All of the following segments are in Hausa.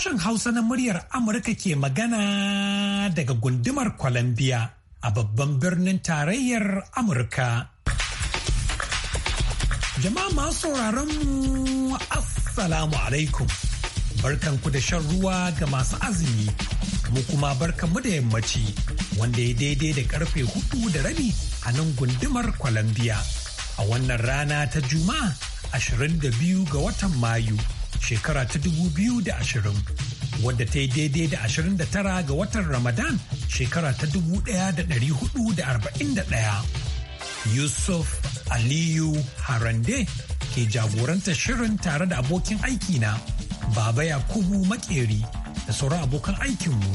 Sashen Hausa na muryar Amurka ke magana daga gundumar Columbia a babban birnin tarayyar Amurka. Jama'a masu sauraron mu Assalamu alaikum. Barkanku da shan ruwa ga masu azumi, mu kuma barkanmu da yammaci wanda ya daidai da karfe hudu da rabi a nan gundumar Columbia. A wannan rana ta Juma'a 22 ga watan Mayu. shekara ta dubu biyu da ashirin wadda ta yi daidai da ashirin da tara ga watan Ramadan shekara ta dubu da da da arba'in 1441. Yusuf Aliyu Harande ke jagoranta shirin tare da abokin aikina Baba Yakubu Makeri da sauran abokan aikinmu.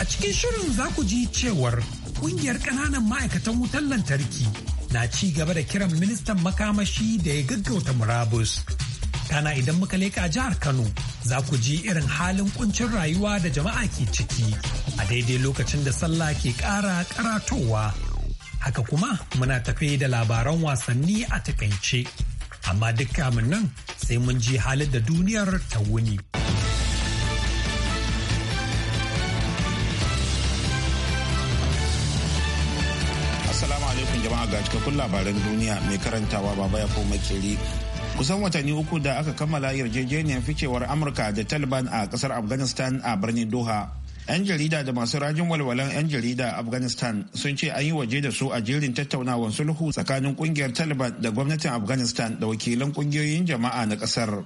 A cikin shirin za ku ji cewar kungiyar ƙananan ma'aikatan wutan lantarki na ci gaba da kiran ministan makamashi da ya gaggauta murabus. kana idan muka leka a jihar kano za ku ji irin halin kuncin rayuwa da jama'a ke ciki a daidai lokacin da sallah ke ƙara karatowa haka kuma muna tafe da labaran wasanni a takaice amma duk kamun nan sai mun ji halin da duniyar ta wuni. Assalamu alaikum jama'a ga cikakkun labaran duniya mai karantawa baba ya koma makeri kusan watanni uku da aka kammala yarjejeniyar ficewar amurka da taliban a kasar afghanistan a birnin doha yan jarida da masu rajin walwalan yan jarida afghanistan sun ce an yi waje da su a jerin tattaunawar sulhu tsakanin kungiyar taliban da gwamnatin afghanistan da wakilan kungiyoyin jama'a na kasar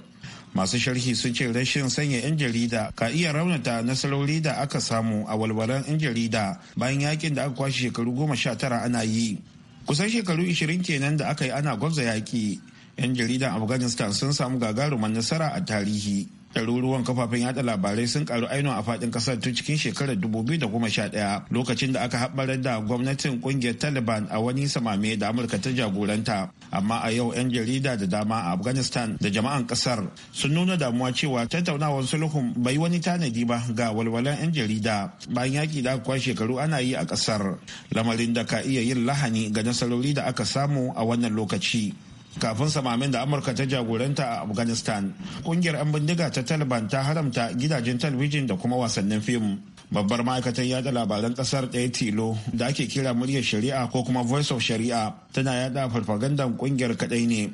masu sharhi sun ce rashin sanya 'yan jarida ka iya raunata nasarori da aka samu a walwalan 'yan jarida bayan yakin da aka kwashe shekaru goma sha tara ana yi kusan shekaru ishirin kenan da aka yi ana gwabza yaki 'yan jaridan afghanistan sun samu gagarumar nasara a tarihi ɗaruruwan kafafen yada labarai sun karu aino a faɗin ƙasar tun cikin shekarar 2011 lokacin da aka haɓarar da gwamnatin ƙungiyar taliban a wani samame da amurka ta jagoranta amma a yau 'yan jarida da dama a afghanistan da jama'an kasar sun nuna damuwa cewa tattaunawar sulhun bai wani tanadi ba ga walwalan 'yan jarida bayan yaki da aka shekaru ana yi a kasar. lamarin da ka iya yin lahani ga nasarori da aka samu a wannan lokaci kafin samamin da amurka ta jagoranta a afghanistan kungiyar 'yan bindiga ta taliban ta haramta gidajen talbijin da kuma wasannin fim babbar ma'aikatar yada labaran kasar ɗaya tilo da ake kira muryar shari'a ko kuma voice of shari'a tana yada farfagandan kungiyar kadai ne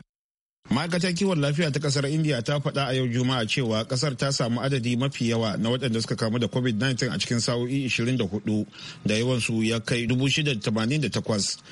ma'aikatar kiwon lafiya ta kasar india ta faɗa a yau juma'a cewa kasar ta samu adadi mafi yawa na waɗanda suka kamu da covid-19 a cikin sa'o'i 24 da yawansu ya kai 688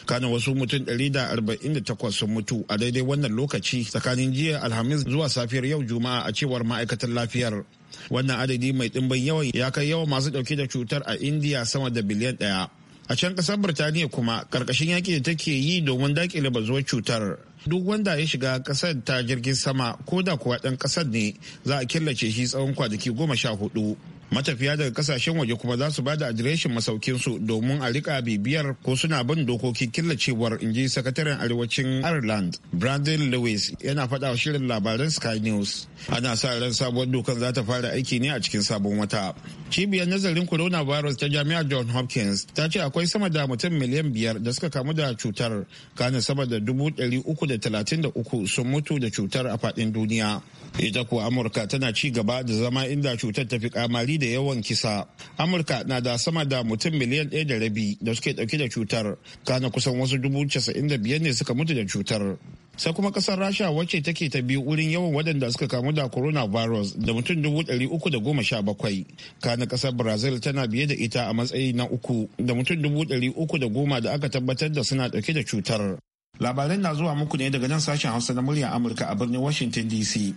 kana wasu mutum 148 sun mutu a daidai wannan lokaci tsakanin jiya alhamis zuwa safiyar yau juma'a a cewar ma'aikatar lafiyar wannan adadi mai ɗimbin yawan ya kai yawa masu ɗauke da cutar a india sama da biliyan ɗaya a can kasar birtaniya kuma karkashin yaƙi da take yi domin daƙile bazuwar cutar duk wanda ya shiga kasar ta jirgin sama ko da kuwa ɗan kasar ne za a killace shi tsawon kwanaki goma sha hudu matafiya daga kasashen waje kuma za su ba da adireshin masaukinsu domin a rika bibiyar ko suna bin dokokin killacewar inji sakataren arewacin ireland brandon lewis yana faɗa wa shirin labaran sky news ana sa ran sabuwar dokan za ta fara aiki ne a cikin sabon wata cibiyar nazarin coronavirus ta jami'ar john hopkins ta ce akwai sama da mutum miliyan biyar da suka kamu da cutar kana sama da dubu ɗari uku da talatin da uku sun mutu da cutar a faɗin duniya ita kuwa amurka tana ci gaba da zama inda cutar ta fi kamari da yawan kisa amurka na da sama da mutum miliyan ɗaya da rabi da suke ɗauke da cutar kana kusan wasu dubu casa'in da biyar ne suka mutu da cutar sai kuma kasar rasha wacce take ta biyu wurin yawan waɗanda suka kamu da coronavirus da mutum dubu ɗari uku da goma sha bakwai kana kasar brazil tana biye da ita a matsayi na uku da mutum dubu ɗari uku da goma da aka tabbatar da suna ɗauke da cutar labaran na zuwa muku ne daga nan sashen hausa na muryar amurka a birnin washington dc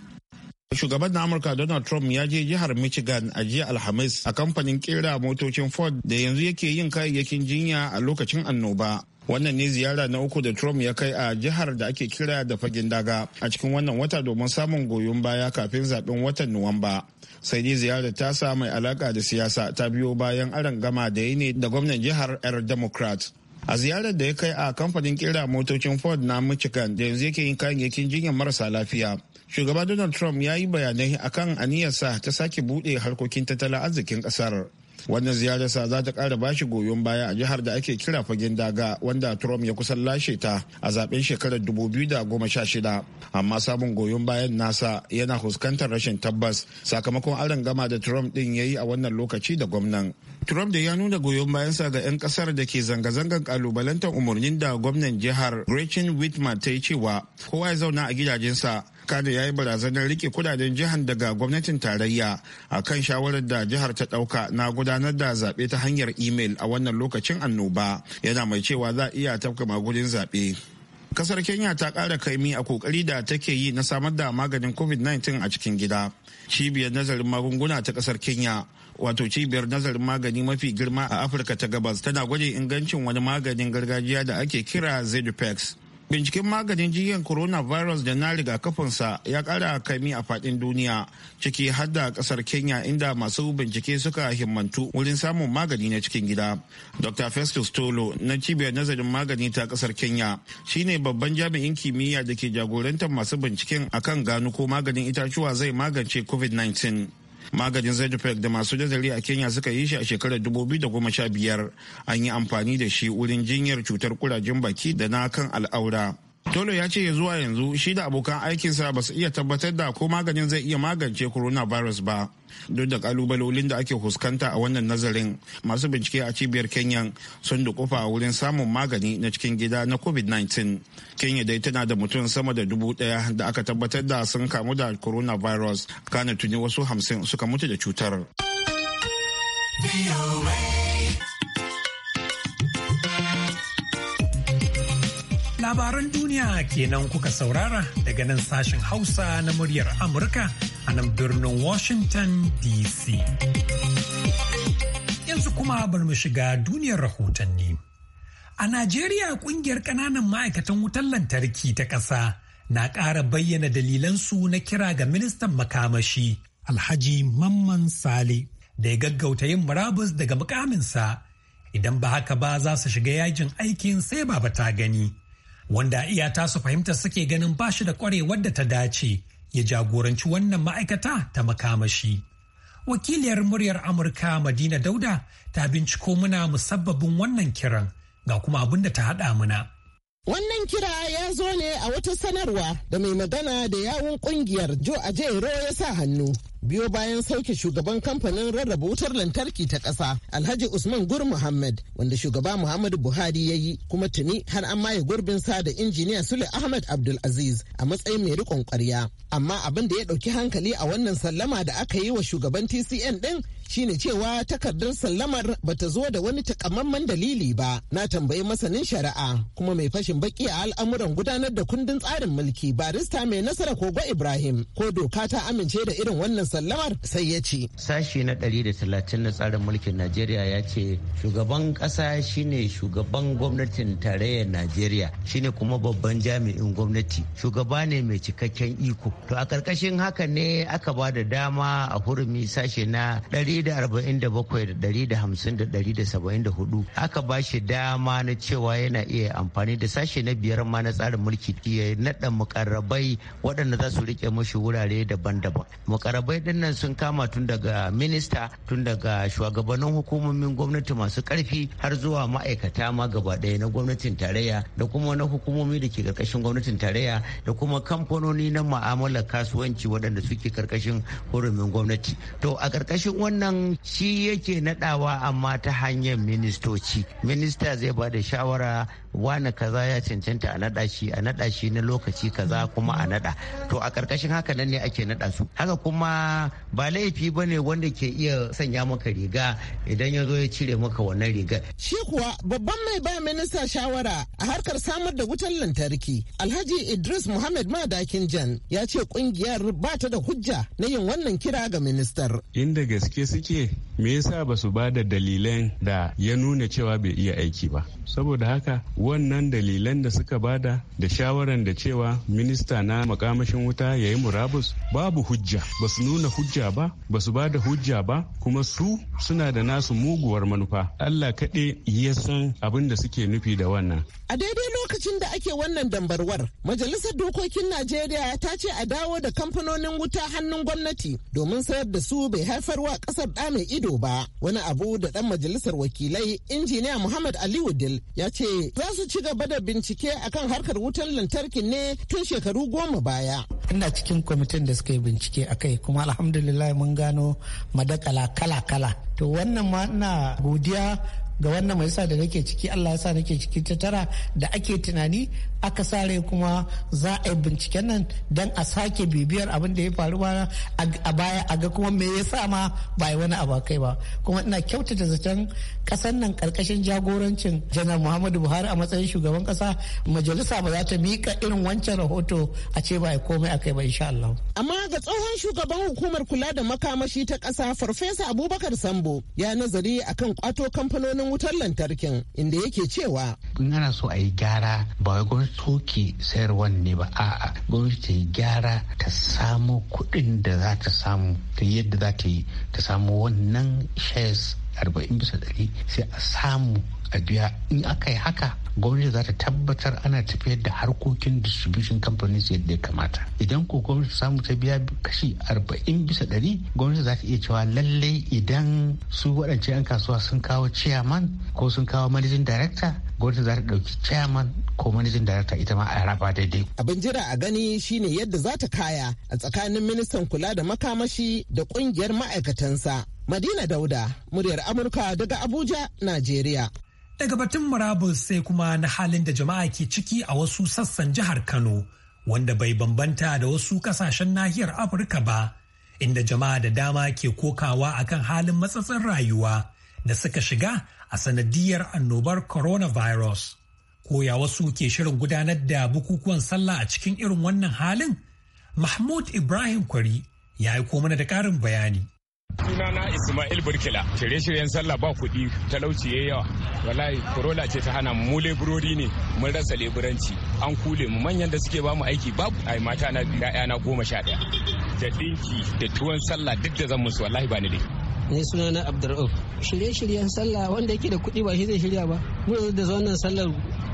Shugaban na Amurka Donald Trump ya je jihar Michigan a jiya Alhamis a kamfanin kera motocin Ford da yanzu yake yin kayayyakin jinya a lokacin annoba. Wannan ne ziyara na uku da Trump ya kai a jihar da ake kira da fagen daga a cikin wannan wata domin samun goyon baya kafin zaben watan Nuwamba. Sai dai ziyarar ta sa mai alaka da siyasa ta biyo bayan aron gama da ya ne da gwamnan jihar 'yar Democrat. a ziyarar da ya kai a kamfanin kera motocin ford na michigan da yanzu yake yin kayayyakin jinyar marasa lafiya shugaba donald trump ya yi bayanai akan aniyarsa ta sake buɗe harkokin tattalin arzikin ƙasar wannan ziyararsa za ta ƙara bashi goyon baya a jihar da ake kira fagen daga wanda trump ya kusan lashe ta a zaben shekarar dubu biyu da goma sha shida, amma samun goyon bayan nasa yana fuskantar rashin tabbas sakamakon aron gama da trump ɗin ya yi a wannan lokaci da gwamnan Trump da ya nuna goyon bayansa ga 'yan kasar da ke zanga-zangar kalubalantar umarnin da gwamnan jihar Gretchen Whitmer ta yi cewa kowa ya zauna a gidajensa kada ya yi barazanar rike kudaden jihar daga gwamnatin tarayya a kan shawarar da jihar ta dauka na gudanar da zaɓe ta hanyar imel a wannan lokacin annoba yana mai cewa za a iya tafka magudin zaɓe. kasar kenya ta kara kaimi a kokari da take yi na samar da maganin covid-19 a cikin gida cibiyar nazarin magunguna ta kasar kenya wato cibiyar nazarin magani mafi girma a afirka ta gabas tana gwajin ingancin wani maganin gargajiya da ake kira zedupex Binciken maganin jiyan coronavirus da na rigakafinsa ya ƙara kaimi a faɗin duniya ciki har da ƙasar Kenya inda masu bincike suka himmantu wurin samun magani na cikin gida. Dr. Festus Tolo na cibiyar nazarin magani ta kasar Kenya shine babban jami'in kimiyya da ke jagorantar masu binciken akan gano ko maganin itacuwa zai magance COVID-19. magajin zedopec da masu dazali a kenya suka yi shi a shekarar 2015 an yi amfani da shi wurin jinyar cutar kurajen baki da na kan al'aura Tolo ya ce zuwa yanzu shi da abokan aikinsa ba su iya tabbatar da ko maganin zai iya magance coronavirus ba. Duk da kalubalolin da ake fuskanta a wannan nazarin masu bincike a cibiyar Kenya sun a wurin samun magani na cikin gida na COVID-19. Kenya dai tana da mutum sama da dubu daya da aka tabbatar da sun kamu da coronavirus kana tuni wasu hamsin suka mutu da cutar. Labaran duniya kenan kuka saurara daga nan sashen Hausa na muryar Amurka a nan birnin Washington DC. Yanzu kuma bar mu shiga duniyar rahotanni. A Najeriya kungiyar ƙananan ma'aikatan wutar lantarki ta ƙasa na ƙara bayyana dalilansu na kira ga ministan makamashi Alhaji Mamman Sale da ya gaggauta yin murabus daga mukaminsa idan ba haka ba za su shiga yajin aikin sai ba ta gani. wanda iya tasu fahimtar suke ganin bashi da kwarewar da ta dace ya jagoranci wannan ma'aikata ta makamashi. Wakiliyar muryar Amurka Madina Dauda ta binciko muna musabbabin wannan kiran ga kuma abin da ta haɗa muna. Wannan kira ya zo ne a wata sanarwa da mai magana da yawun ƙungiyar Jo Ajero ya sa hannu. biyo bayan sauke shugaban kamfanin rarraba wutar lantarki ta ƙasa alhaji usman gur muhammad wanda shugaba muhammadu buhari ya yi kuma tuni har an maye gurbin sa da injiniya sule ahmad abdul aziz a matsayin mai rikon kwarya amma abin da ya ɗauki hankali a wannan sallama da aka yi wa shugaban tcn ɗin shine cewa takardar sallamar bata zo da wani takamamman dalili ba na tambayi masanin shari'a kuma mai fashin baki a al'amuran gudanar da kundin tsarin mulki barista mai nasara kogo ibrahim ko doka ta amince da irin wannan sallamar sai ya ce. Sashi na 130 na tsarin mulkin Najeriya ya ce shugaban ƙasa shine shugaban gwamnatin tarayyar Najeriya shine kuma babban jami'in gwamnati shugaba ne mai cikakken iko. To a ƙarƙashin haka ne aka ba da dama a hurumi sashe na 147 da 150 da 174 aka ba shi dama na cewa yana iya amfani da sashe na biyar ma na tsarin mulki ya naɗa mukarrabai waɗanda za su riƙe mashi wurare daban-daban. Mukarrabai mukamai dinnan sun kama tun daga minista tun daga shugabannin hukumomin gwamnati masu karfi har zuwa ma'aikata ma gaba ɗaya na gwamnatin tarayya da kuma na hukumomi da ke karkashin gwamnatin tarayya da kuma kamfanoni na ma'amalar kasuwanci waɗanda suke karkashin hurumin gwamnati to a karkashin wannan shi yake naɗawa amma ta hanyar ministoci minista zai ba da shawara wani kaza ya cancanta a nada shi a nada shi na lokaci kaza kuma a nada to a karkashin haka nan ne ake nada su haka kuma ba laifi ba ne wanda ke iya sanya maka riga idan ya zo ya cire maka wannan rigar. Shi kuwa babban mai ba minista shawara a harkar samar da wutar lantarki Alhaji Idris Muhammad Madakin Jan ya ce kungiyar ba ta da hujja na yin wannan kira ga ministar. Inda gaske suke me yasa ba su ba da dalilan da ya nuna cewa bai iya aiki ba. Saboda haka wannan dalilan da suka ba da shawaran da cewa minista na makamashin wuta ya yi murabus babu hujja ba su nuna hujja ba ba su ba da hujja ba kuma su suna da nasu muguwar manufa allah kaɗe ya san abin da suke nufi da wannan a daidai lokacin da ake wannan dambarwar majalisar dokokin najeriya ta ce a dawo da kamfanonin wuta hannun gwamnati domin sayar da su bai haifar wa ƙasar ɗa mai ido ba wani abu da ɗan majalisar wakilai injiniya muhammad aliyu dil ya ce za su ci gaba da bincike akan harkar wutan lantarki ne tun shekaru goma baya ina cikin kwamitin da suka yi bincike a kai kuma alhamdulillah mun gano madakala kala-kala to wannan ma ina godiya ga wannan majalisa da nake ciki allah ya sa nake ciki ta tara da ake tunani aka sare kuma za a yi binciken nan don a sake bibiyar abin da ya faru a baya a ga kuma me yasa sa ma ba wani abakai ba kuma ina kyautata zaton kasan nan karkashin jagorancin janar muhammadu buhari a matsayin shugaban kasa majalisa ba za ta mika irin wancan rahoto a ce ba komai akai ba insha allah amma ga tsohon shugaban hukumar kula da makamashi ta kasa farfesa abubakar sambo ya nazari akan kwato kamfanonin kuɗin wutar lantarkin inda yake cewa in ana so a yi gyara ba wai gwamnati toke sayarwan ne ba a'a gwamnati ta yi gyara ta samo kuɗin da za ta samu ta yadda za ta yi ta samu wannan shares arba'in bisa ɗari sai a samu a biya in aka yi haka gwamnati za ta tabbatar ana tafiyar da harkokin distribution companies yadda ya kamata idan ko gwamnati samu ta biya kashi arba'in bisa ɗari gwamnati za ta iya cewa lallai idan su waɗance 'yan kasuwa sun kawo chairman ko sun kawo managing director gwamnati za ta ɗauki chairman ko managing director ita ma a raba daidai. Abin jira a gani shine yadda za ta kaya a tsakanin ministan kula da makamashi da ƙungiyar ma'aikatansa. Madina Dauda, muryar Amurka daga Abuja, Najeriya. Daga batun murabus sai kuma na halin da jama'a ke ciki a wasu sassan jihar Kano, wanda bai bambanta da wasu kasashen nahiyar Afirka ba, inda jama'a da dama ke kokawa akan halin matsatsin rayuwa da suka shiga a sanadiyar annobar coronavirus. Koya wasu ke shirin gudanar da bukukuwan sallah a cikin irin wannan halin? Mahmud Ibrahim Kwari ya aiko mana da ƙarin bayani. sunana ismail burkila shirye-shiryen sallah ba kuɗi talauci ya yawa wallahi korola ce ta hana mu leburori ne mun rasa leburanci an kule mu manyan da suke bamu aiki babu ai mata na biyu na goma sha ɗaya da ɗinki da tuwon sallah duk da zan musu wallahi ba ni dai ne suna na abdur'uf shirye-shiryen sallah wanda yake da kuɗi ba shi zai shirya ba mu da wannan sallar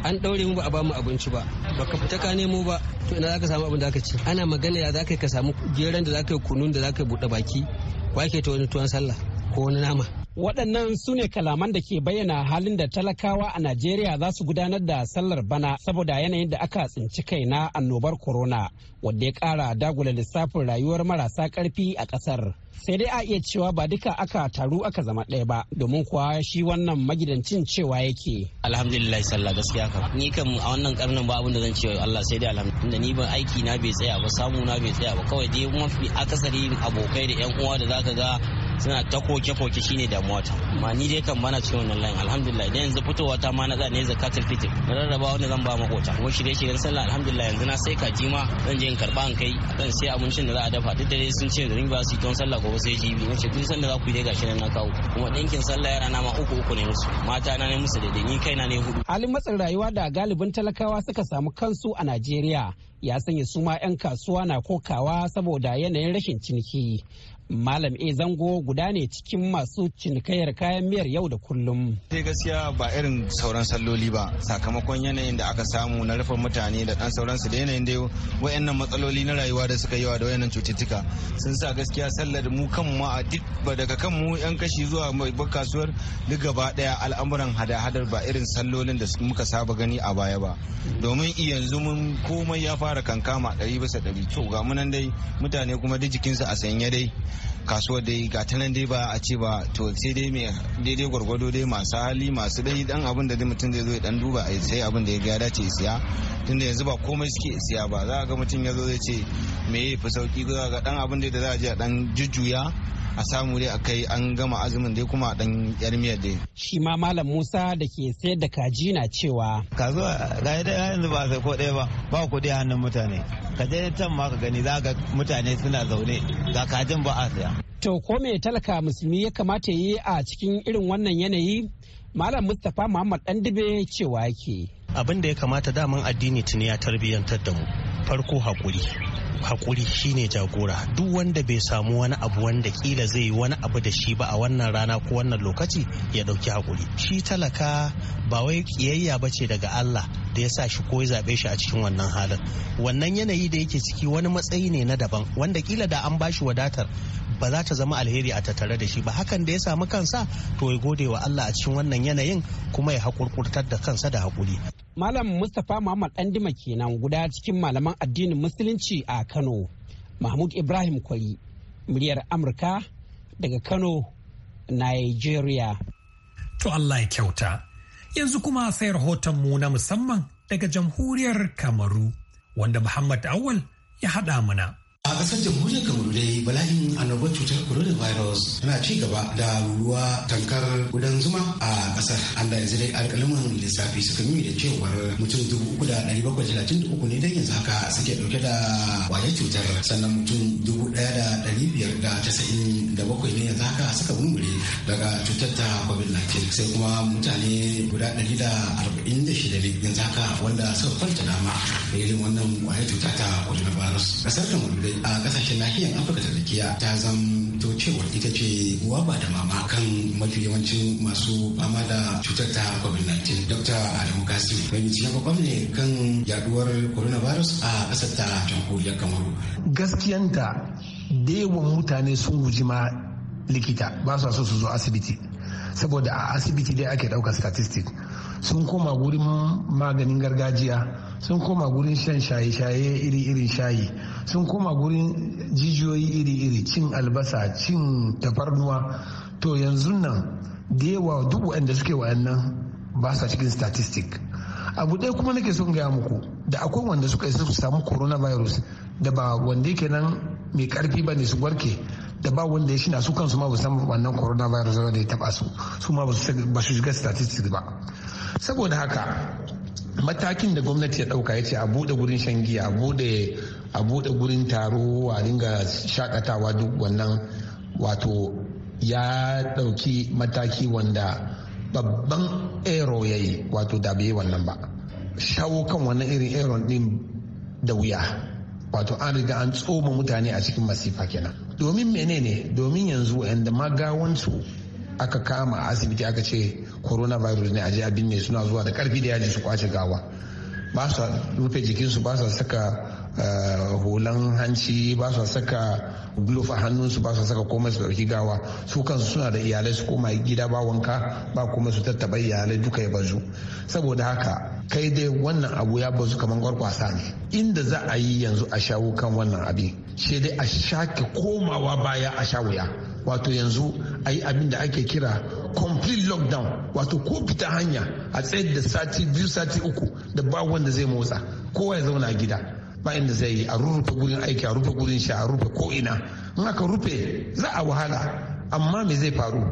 an ɗaure mu ba a ba mu abinci ba baka fita ka nemo ba to ina za ka samu abin da aka ci ana magana ya za ka samu geran da ka yi kunun da za yi buɗe baki wake ta wani tuwon sallah ko wani nama waɗannan su ne kalaman da ke bayyana halin da talakawa a najeriya za su gudanar da sallar bana saboda yanayin da aka tsinci kai na annobar corona wadda ya ƙara dagula lissafin rayuwar marasa ƙarfi a ƙasar sai dai a iya cewa ba duka aka taru aka zama ɗaya ba domin kuwa shi wannan magidancin cewa yake alhamdulillah sallah gaskiya kam ni kam a wannan karnin ba abin da zan ce Allah sai dai alhamdulillah ni ban aiki na bai tsaya ba samu na bai tsaya ba kawai dai mafi akasari abokai da yan uwa da zaka ga suna ta koke-koke shine da mota amma ni dai kan bana cikin wannan layin alhamdulillah dan yanzu fitowa ta ma na zane zakatul fitr na rarraba wanda zan ba makota ko shirye shiryen sallah alhamdulillah yanzu na sai kaji ma zan je in karba an kai dan sai abincin da za a dafa duk da dai sun ce da ni ba su yi don sallah gobe sai jibi nace duk sanda za ku yi gashi nan na kawo kuma ɗinkin sallah yara na ma uku uku ne musu mata na ne musu daidai ni kaina ne hudu halin matsin rayuwa da galibin talakawa suka samu kansu a Najeriya ya sanya su ma 'yan kasuwa na kokawa saboda yanayin rashin ciniki Malam E zango guda ne cikin masu cinikayyar kayan miyar yau da kullum. Sai eh, gaskiya ba irin sauran salloli ba sakamakon yanayin da aka samu na rufe mutane da dan sauransu da yanayin da wayannan matsaloli na rayuwa da suka wa da wayannan cututtuka sun sa gaskiya sallar mu kan mu a duk ba daga kan mu yan kashi zuwa babbar kasuwar duk gaba daya al'amuran hada-hadar ba irin sallolin da muka saba gani a baya ba domin yanzu mun komai ya fara kankama ɗari bisa ɗari to ga munan dai mutane kuma duk jikinsu a sanye dai kasuwa dai ga ta nan dai ba a ce ba to sai dai mai daidai gwargwado dai masu hali masu dai dan abin da mutum zai zo ya dan duba a sai abin da ya dace siya tunda yanzu ba komai suke siya ba za ga mutum ya zo zai ce me ya fi sauki ga dan abin da za a je a dan jujjuya a samu dai akai an gama azumin dai kuma dan yar miyar dai shi ma malam Musa da ke sayar da kaji na cewa ka zo ga yanzu ba sai ko ɗaya ba ba ku dai hannun mutane ka je can ma ka gani za ga mutane suna zaune ga kajin ba a saya to ko me talaka musulmi ya kamata yi a cikin irin wannan yanayi malam Mustapha Muhammad Dan Dube cewa yake abin da ya kamata daman addini tuni ya tarbiyyantar da mu farko hakuri. hakuri shine jagora duk wanda bai samu wani abu wanda kila zai yi wani abu da shi ba a wannan rana ko wannan lokaci ya dauki hakuri shi talaka ba wai kiyayya ba ce daga Allah da ya sa shi ko ya zaɓe shi a cikin wannan halin wannan yanayi da yake ciki wani matsayi ne na daban wanda kila da an bashi wadatar ba za ta zama alheri a tattare da shi ba hakan da ya samu kansa to ya gode wa Allah a cikin wannan yanayin kuma ya hakurkurtar da kansa da hakuri. Malam Mustapha Muhammad Dandima kenan guda cikin malaman addinin Musulunci a Kano. Mahmud Ibrahim Kwari, muryar Amurka daga Kano, Nigeria. To Allah ya kyauta. Yanzu kuma sai rahotonmu na musamman daga jamhuriyar Kamaru, wanda Muhammad Awal ya haɗa mana. A kasar jamhuriyar Kamaru dai bala'in annobar cutar coronavirus tana ci gaba da ruwa tankar gudan zuma a kasar. An da yanzu dai alƙalamin lissafi suka nuni da cewar mutum dubu uku da ɗari bakwai talatin da uku ne dan yanzu haka suke ɗauke da kwayar cutar sannan mutum dubu ɗaya da ɗari biyar da casa'in da bakwai ne yanzu haka suka murmure daga cutar ta covid-19 sai kuma mutane guda ɗari da arba'in da shida ne yanzu haka wanda suka kwanta dama da irin wannan kwayar cuta ta coronavirus. Kasar Kamaru dai a kasashen nahiyar afirka ta tsakiya ta zamto cewar ita ce uwa ba da mama kan mafi yawancin masu fama da cutar ta covid-19 dr adamu kasim mai cikin kwakwam ne kan yaduwar coronavirus a kasar ta jamhuriyar kamaru gaskiyanta da yawan mutane sun guji ma likita ba su so su zo asibiti saboda a asibiti dai ake ɗaukar statistic sun koma wurin maganin gargajiya sun koma gurin shan shaye-shaye iri-irin shayi sun koma gurin jijiyoyi iri-iri cin albasa cin tafarnuwa to yanzu nan da yawa duk waɗanda suke wa'annan ba sa cikin statistic abu ɗaya kuma nake son gaya muku da akwai wanda suka isa su samu coronavirus da ba wanda yake nan mai karfi ba ne su warke da ba wanda ya shina su kansu ma ba san wannan coronavirus da ya taba su su ma ba su shiga statistics ba saboda haka matakin da gwamnati ya dauka ya ce a bude gurin shan giya a bude a gurin taro a dinga shakatawa duk wannan wato ya dauki mataki wanda babban ero ya yi wato da bai wannan ba shawo kan wannan irin ero din da wuya wato an riga an tsoma mutane a cikin masifa kenan domin menene domin yanzu yanda magawansu aka kama a asibiti aka ce coronavirus ne a je abin ne suna zuwa da karfi da yaji su kwace gawa ba su rufe jikinsu ba su saka eh, hulan hanci ba su saka glove a hannunsu ba su saka komai su dauki gawa su kansu suna da iyalai su koma gida ba wanka ba kuma su tattaba iyalai duka ya bazu saboda haka kai dai wannan abu ya bazu kamar gwarkwasa ne inda za a yi yanzu a shawo kan wannan abin shi dai a shake komawa baya a sha wuya wato yanzu a yi abin da ake kira complete lockdown wato ko fita hanya a tsayar da sati biyu sati uku da ba wanda zai motsa kowa ya zauna gida ba inda zai yi a rufe gurin aiki a rufe gurin sha a rufe ko ina in aka rufe za a wahala amma me zai faru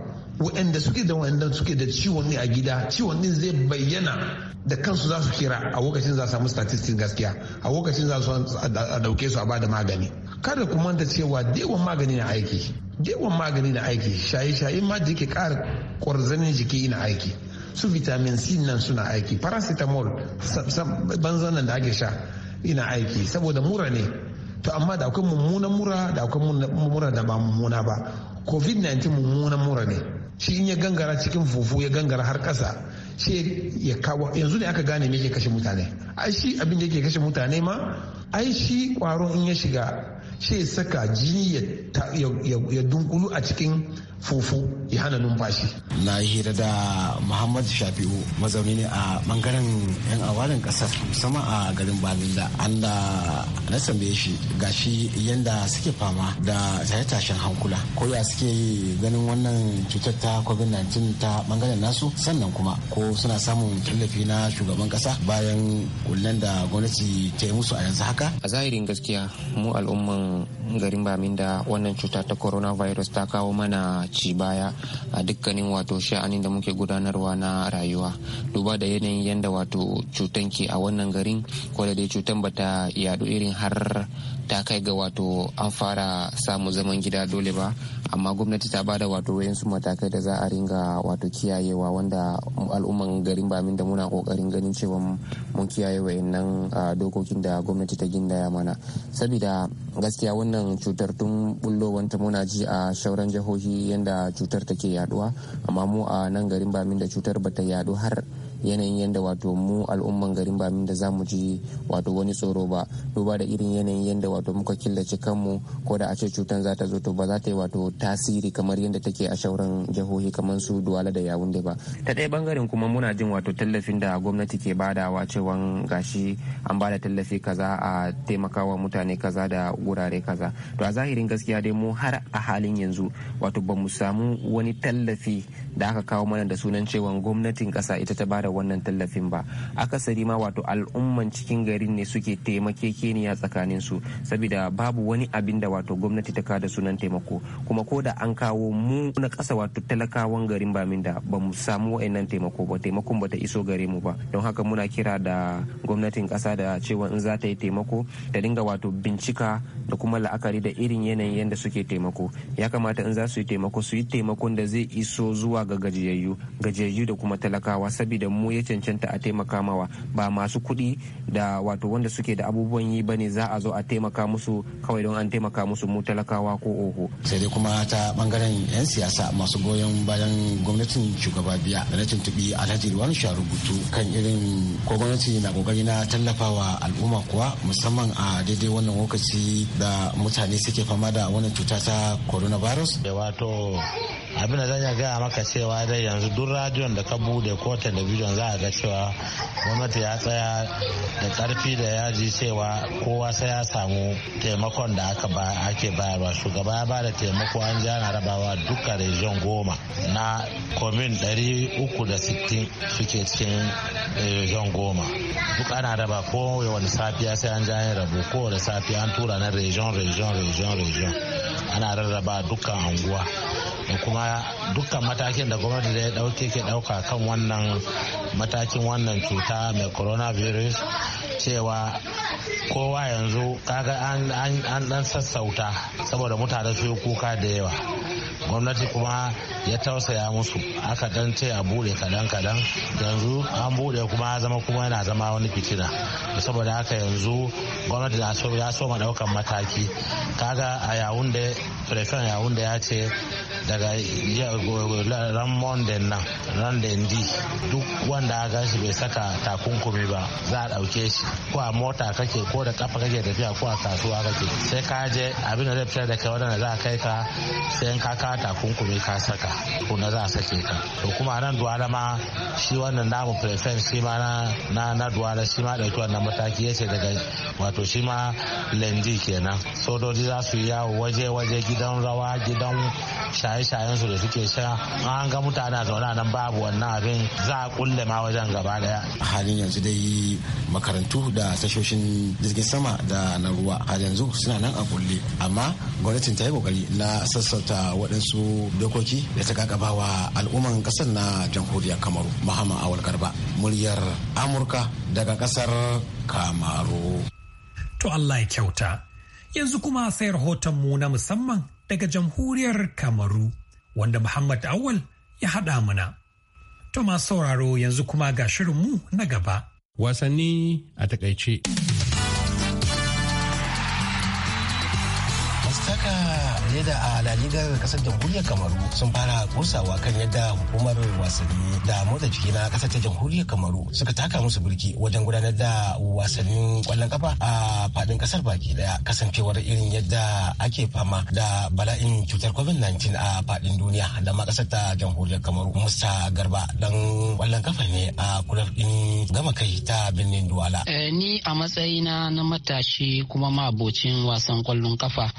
waɗanda suke da waɗanda suke da ciwon ne a gida ciwon ɗin zai bayyana da kansu za su kira a lokacin za su samu statistics gaskiya a lokacin za su a dauke su a bada magani kada ku manta cewa dewan magani na aiki dewan magani na aiki shaye-shaye ma da yake ƙara kwarzanin jiki na aiki su vitamin c nan suna aiki paracetamol banzan nan da ake sha ina aiki saboda mura ne to amma da akwai mummunan mura da akwai mura da ba mummuna ba covid-19 mummunan mura ne shi in ya gangara cikin fufu ya gangara har ƙasa shi ya kawo yanzu ne aka gane me yake kashe mutane ai shi abin da yake kashe mutane ma ai shi kwaron in ya shiga shi ya saka jini ya dunkulu a cikin fufu ya hana numfashi. Na yi hira da Muhammad Shafi'u mazauni ne a bangaren 'yan awalin kasar sama a garin an da na tambaye shi gashi yadda suke fama da tashe-tashen hankula. Ko ya suke ganin wannan cutar ta COVID-19 ta bangaren nasu sannan kuma ko suna samun tallafi na shugaban kasa bayan kullen da gwamnati ta yi musu a yanzu haka? A zahirin gaskiya mu al'umman garin Baminda wannan cuta ta coronavirus ta kawo mana ci baya a dukkanin wato sha'anin da muke gudanarwa na rayuwa duba da yanayin yadda wato cutan ke a wannan garin ko da dai cutan bata yadu irin har ta kai ga wato an fara samu zaman gida dole ba amma gwamnati ta bada wato wayansu matakai da za a ringa wato kiyayewa wanda al'umman garin bamin da muna kokarin ganin cewa mun kiyaye wayannan dokokin da gwamnati ta gindaya mana saboda gaskiya wannan cutar tun bullowanta muna ji a shauran jihohi yadda cutar take yaduwa amma mu a nan garin bamin da cutar bata yadu har yanayin yadda wato mu al'umman garin bamin da mu ji wato wani tsoro ba duba da irin yanayin yadda wato muka killace kanmu ko da a ce cutan za ta zo to ba za ta yi wato tasiri kamar yadda take a shauran jihohi kamar su duwala da yawunde ba ta ɗaya bangaren kuma muna jin wato tallafin da gwamnati ke badawa cewa gashi an bada tallafi kaza a taimakawa mutane kaza da wurare kaza to a zahirin gaskiya dai mu har a halin yanzu wato ba mu samu wani tallafi da aka kawo mana da sunan cewa gwamnatin kasa ita ta bada da wannan tallafin ba akasari ma wato al'umman cikin garin ne suke taimakekeniya tsakanin su saboda babu wani abin da wato gwamnati ta kada sunan taimako kuma ko da an kawo mu na kasa wato talakawan garin ba min da ba mu samu wa'annan taimako ba taimakon ba ta iso gare mu ba don haka muna kira da gwamnatin ƙasa da cewa in za ta yi taimako ta dinga wato bincika da kuma la'akari da irin yanayin yadda suke taimako ya kamata in za su yi taimako su yi taimakon da zai iso zuwa ga gajiyayyu gajiyayyu da kuma talakawa saboda mu mu ya cancanta a taimaka mawa ba masu kuɗi da wato wanda suke da abubuwan yi bane za a zo a taimaka musu kawai don an taimaka musu mu talakawa ko oho sai dai kuma ta bangaren yan siyasa masu goyon bayan gwamnatin shugaba biya da na tuntubi alhaji ruwan sha rubutu kan irin ko gwamnati na kokari na tallafawa al'umma kuwa musamman a daidai wannan lokaci da mutane suke fama da wannan cuta ta coronavirus wato abin da zan gaya maka cewa dai yanzu duk radiyon da ka bude ko talabijin za a ga cewa gwamnati ya tsaya da karfi da yaji cewa kowa sai ya samu taimakon da aka ba ake bayarwa shugaba ya bada taimako an ji ana rabawa dukkan region goma na komin 360 suke cikin eh, region goma duk ana raba ko wani safiya sai an ji rabu ko da safiya an tura na region region region region ana rarraba dukkan anguwa da kuma dukkan matakin da gwamnati da ya dauke ke dauka kan wannan matakin wannan cuta mai coronavirus cewa kowa yanzu kaga an dan sassauta saboda mutane su yi kuka da yawa gwamnati kuma ya tausaya musu aka dan ce a bude kadan kadan yanzu an bude kuma zama kuma yana zama wani fitina saboda haka yanzu gwamnati na so ya so ma daukan mataki kaga a yawun da yawun da ya ce daga ran monday nan ran da duk wanda aka shi bai saka takunkumi ba za a ɗauke shi ko a mota kake ko da kafa kake tafiya ko a kasuwa kake sai ka je abin da zai fitar da kai wadanda za a kai ka sai ka ka takunkumi ka saka ko na za a sake ka to kuma nan duwala ma shi wannan namu prefen shi ma na na duwala shi ma dauki wannan mataki yace daga wato shi ma lendi kenan sojoji za su yi yawo waje-waje gidan rawa gidan sha shaye-shayen su da suke sha an ga mutane a zaune nan babu wannan abin za a kulle ma wajen gaba daya halin yanzu dai makarantu da tashoshin jirgin sama da na ruwa har yanzu suna nan a kulle amma gwamnatin ta yi kokari na sassauta waɗansu dokoki da ta kakabawa al'umman ƙasar na jamhuriyar kamaru muhammad awal garba muryar amurka daga ƙasar kamaru to allah ya kyauta yanzu kuma sai rahotonmu na musamman daga jamhuriyar Kamaru, wanda Muhammad Awal ya haɗa mana. Thomas sauraro yanzu kuma ga shirinmu na gaba. Wasanni a takaice. haka leda a laligar kasar jamhuriyar kamaru sun fara kosawa kan yadda hukumar wasanni da motsa jiki na kasar ta jamhuriyar kamaru suka taka musu birki wajen gudanar da wasannin kwallon kafa a fadin kasar baki daya kasancewar irin yadda ake fama da bala'in cutar covid-19 a fadin duniya da ma kasar ta jamhuriyar kamaru musta garba dan kwallon kafa ne a kudar din gama kai ta birnin duwala eh, ni a matsayina na matashi kuma mabocin wasan kwallon kafa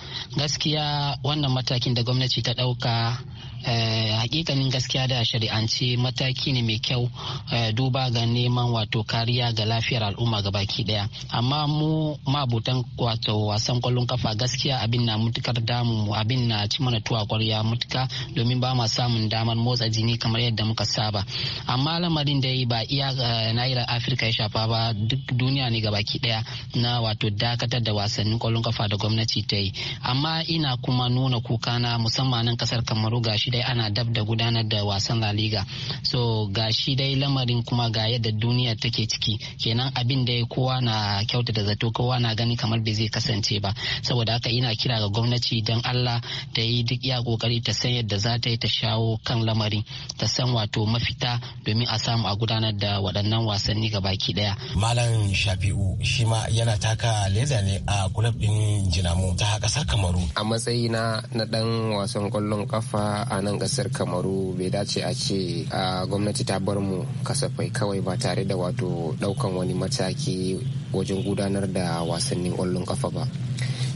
gaskiya wannan matakin da gwamnati ta ɗauka Eh, hakikanin gaskiya da shari'ance mataki ne mai kyau eh, duba ga neman wato kariya ga lafiyar al'umma ga baki daya amma mu mabutan wato wasan kwallon kafa gaskiya abin na mutukar damu abin na ci mana tuwa kwarya mutuka domin ba ma samun damar motsa jini kamar yadda muka saba amma lamarin da yi ba iya eh, nahiyar afirka ya shafa ba duk duniya ne ga baki daya na wato dakatar da wasannin kwallon kafa da gwamnati ta yi amma ina kuma nuna kuka na musamman nan kasar kamaru gashi dai ana dab da gudanar da wasan La Liga so ga shi dai lamarin kuma ga yadda duniya take ciki kenan abin da kowa na kyauta da zato kowa na gani kamar bai zai kasance ba saboda haka ina kira ga gwamnati don Allah ta yi duk ya kokari ta san yadda za ta yi ta shawo kan lamarin ta san wato mafita domin a samu a gudanar da waɗannan wasanni ga baki ɗaya. Malam Shafi'u shi ma yana taka leda ne a kulab ɗin Jinamu ta ƙasar Kamaru. A matsayina na ɗan wasan kwallon kafa. a nan kasar kamaru bai dace a ce gwamnati ta bar mu kasafai kawai ba tare da wato daukan wani mataki wajen gudanar da wasannin kwallon kafa ba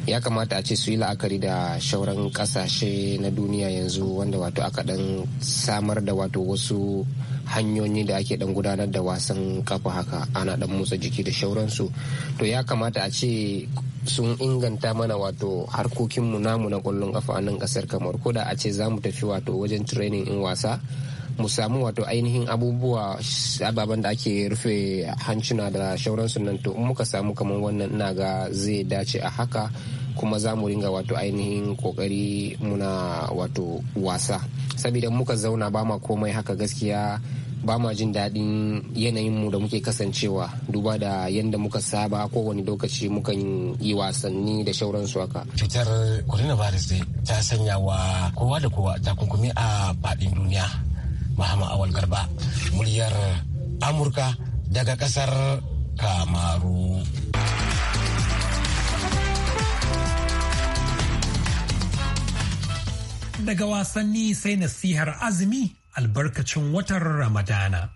ya kamata a ce su yi la'akari da shauran kasashe na duniya yanzu wanda wato aka dan samar da wato wasu hanyoyi da ake dan gudanar da wasan kafa haka ana dan motsa jiki da shauransu to ya kamata a ce sun inganta mana wato harkokinmu namu na kwallon kafa a nan kasar kamar koda a ce zamu tafi wato wajen training in wasa mu samu wato ainihin abubuwa ababen da ake rufe hancuna da shauransu nan to muka samu kamar wannan ina ga zai dace a haka kuma za mu ringa wato ainihin kokari muna wato wasa saboda muka zauna ba ma komai haka gaskiya ba ma jin daɗin yanayinmu da muke kasancewa duba da yadda muka saba kowane lokaci mukan yi wasanni da shauransu haka. Cutar coronavirus dai ta sanya wa kowa da kowa takunkumi a faɗin duniya. Mahama Awal Garba, muryar Amurka daga ƙasar Kamaru. Daga wasanni sai nasihar azumi albarkacin watan Ramadana.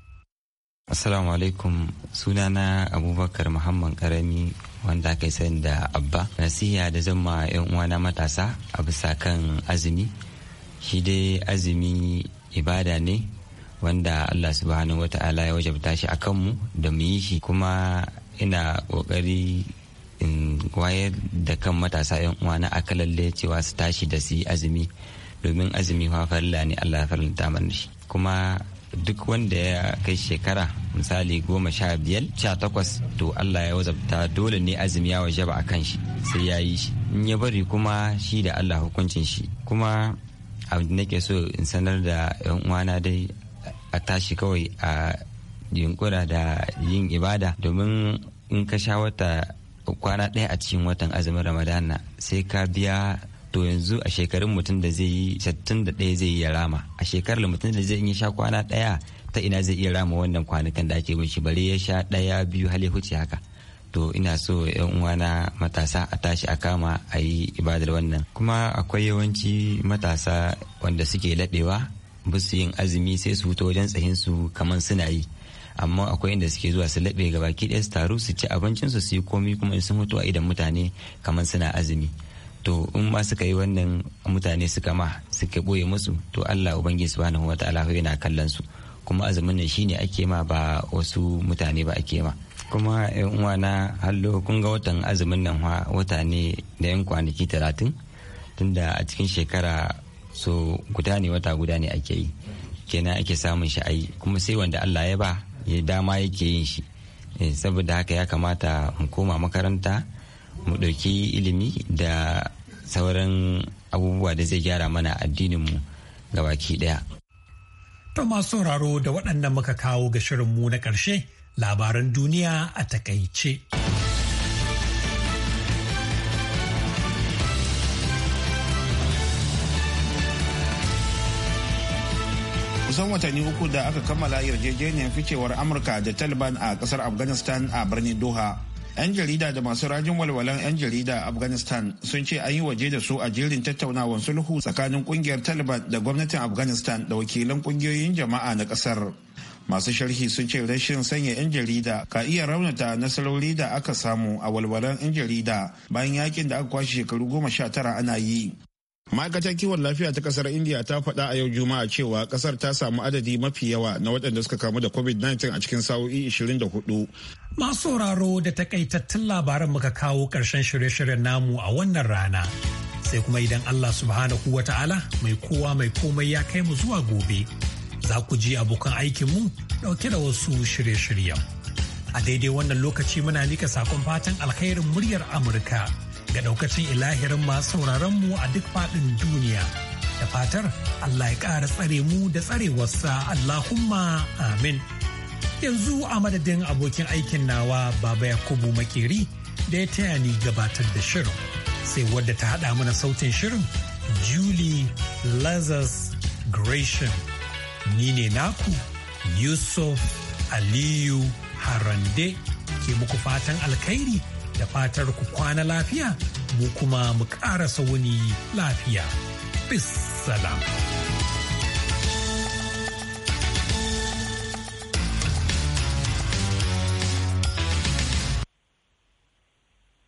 Assalamu alaikum sunana Abubakar Muhammad Karami wanda aka sani da Abba. Nasiha da zan ma 'yan uwana matasa a bisa kan azumi. Shi dai azumi ibada ne wanda Allah subhanahu ta'ala ya wajabta tashi a kanmu da mu yi shi kuma ina kokari in wayar da kan matasa 'yan uwana a lalle cewa su tashi da su yi azumi. domin azumi fa ne Allah ya farlanta mana shi kuma duk wanda ya kai shekara misali goma sha biyar sha takwas to Allah ya wazabta dole ne azumi ya waje ba a kan shi sai ya yi shi in ya bari kuma shi da Allah hukuncin shi kuma abin da nake so in sanar da yan uwana dai a tashi kawai a yunkura da yin ibada domin in ka sha wata kwana ɗaya a cikin watan azumin ramadana sai ka biya to yanzu a shekarun mutum da zai yi ɗaya zai yi rama a shekarar mutum da zai yi sha kwana ɗaya ta ina zai iya rama wannan kwanakan da ake shi bari ya sha ɗaya biyu hali huce haka to ina so yan uwana matasa a tashi a kama a yi ibadar wannan kuma akwai yawanci matasa wanda suke laɗewa ba su yin azumi sai su fito wajen tsahin su kamar suna yi amma akwai inda suke zuwa su laɓe gaba ki ɗaya su taru su ci abincinsu su yi komi kuma in sun mutu idan mutane kamar suna azumi to in ma suka yi wannan mutane suka ma suka boye musu to Allah Ubangiji subhanahu wataala yana kallon su kuma azumin nan shine ake ma ba wasu mutane ba ake ma kuma yan uwa na hallo kun ga watan azumin nan wata ne da yan kwanaki talatin tunda a cikin shekara so guda ne wata guda ne ake yi kenan ake samun shi a yi kuma sai wanda Allah ya ba ya dama yake yin shi eh, saboda haka ya kamata mu koma makaranta mu ɗauki ilimi da sauran abubuwa da zai gyara mana addininmu baki ɗaya. To masu sauraro da waɗannan muka kawo ga shirinmu na ƙarshe labaran duniya a takaice. kusan watanni uku da aka kammala yarjejeniyar ficewar amurka da taliban a kasar afghanistan a birnin doha 'yan jarida da masu rajin walwalan 'yan jarida a afghanistan sun ce an yi waje da su a jerin tattaunawar sulhu tsakanin kungiyar taliban da gwamnatin afghanistan da wakilan kungiyoyin jama'a na kasar masu sharhi sun ce rashin sanya 'yan jarida ka iya raunata nasarori da aka samu a walwalan 'yan jarida bayan yakin da aka kwashe shekaru goma sha tara ana yi ma'aikatar kiwon lafiya ta kasar india ta faɗa a yau juma'a cewa kasar ta samu adadi mafi yawa na waɗanda suka kamu da covid-19 a cikin sa'o'i 24 masu sauraro da takaitattun labaran muka kawo ƙarshen shirye-shiryen namu a wannan rana sai kuma idan allah subhanahu wa ta'ala mai kowa mai komai ya kai mu zuwa gobe za ku ji abokan mu ɗauke da wasu shirye-shiryen a daidai wannan lokaci muna nika sakon fatan alkhairin muryar amurka ga daukacin ilahirin masu sauraron mu a duk faɗin duniya. Da fatar Allah ya ƙara tsare mu da tsarewarsa Allahumma amin. Yanzu a madadin abokin aikin nawa Baba Yakubu Makeri da ya taya ni gabatar da shirin. Sai wadda ta haɗa mana sautin shirin Julie Lazarus Gresham. Ni ne naku Yusuf Aliyu Harande ke muku fatan alkhairi. da fatar ku kwana lafiya mu kuma mu ƙara sauni lafiya. Bis salam.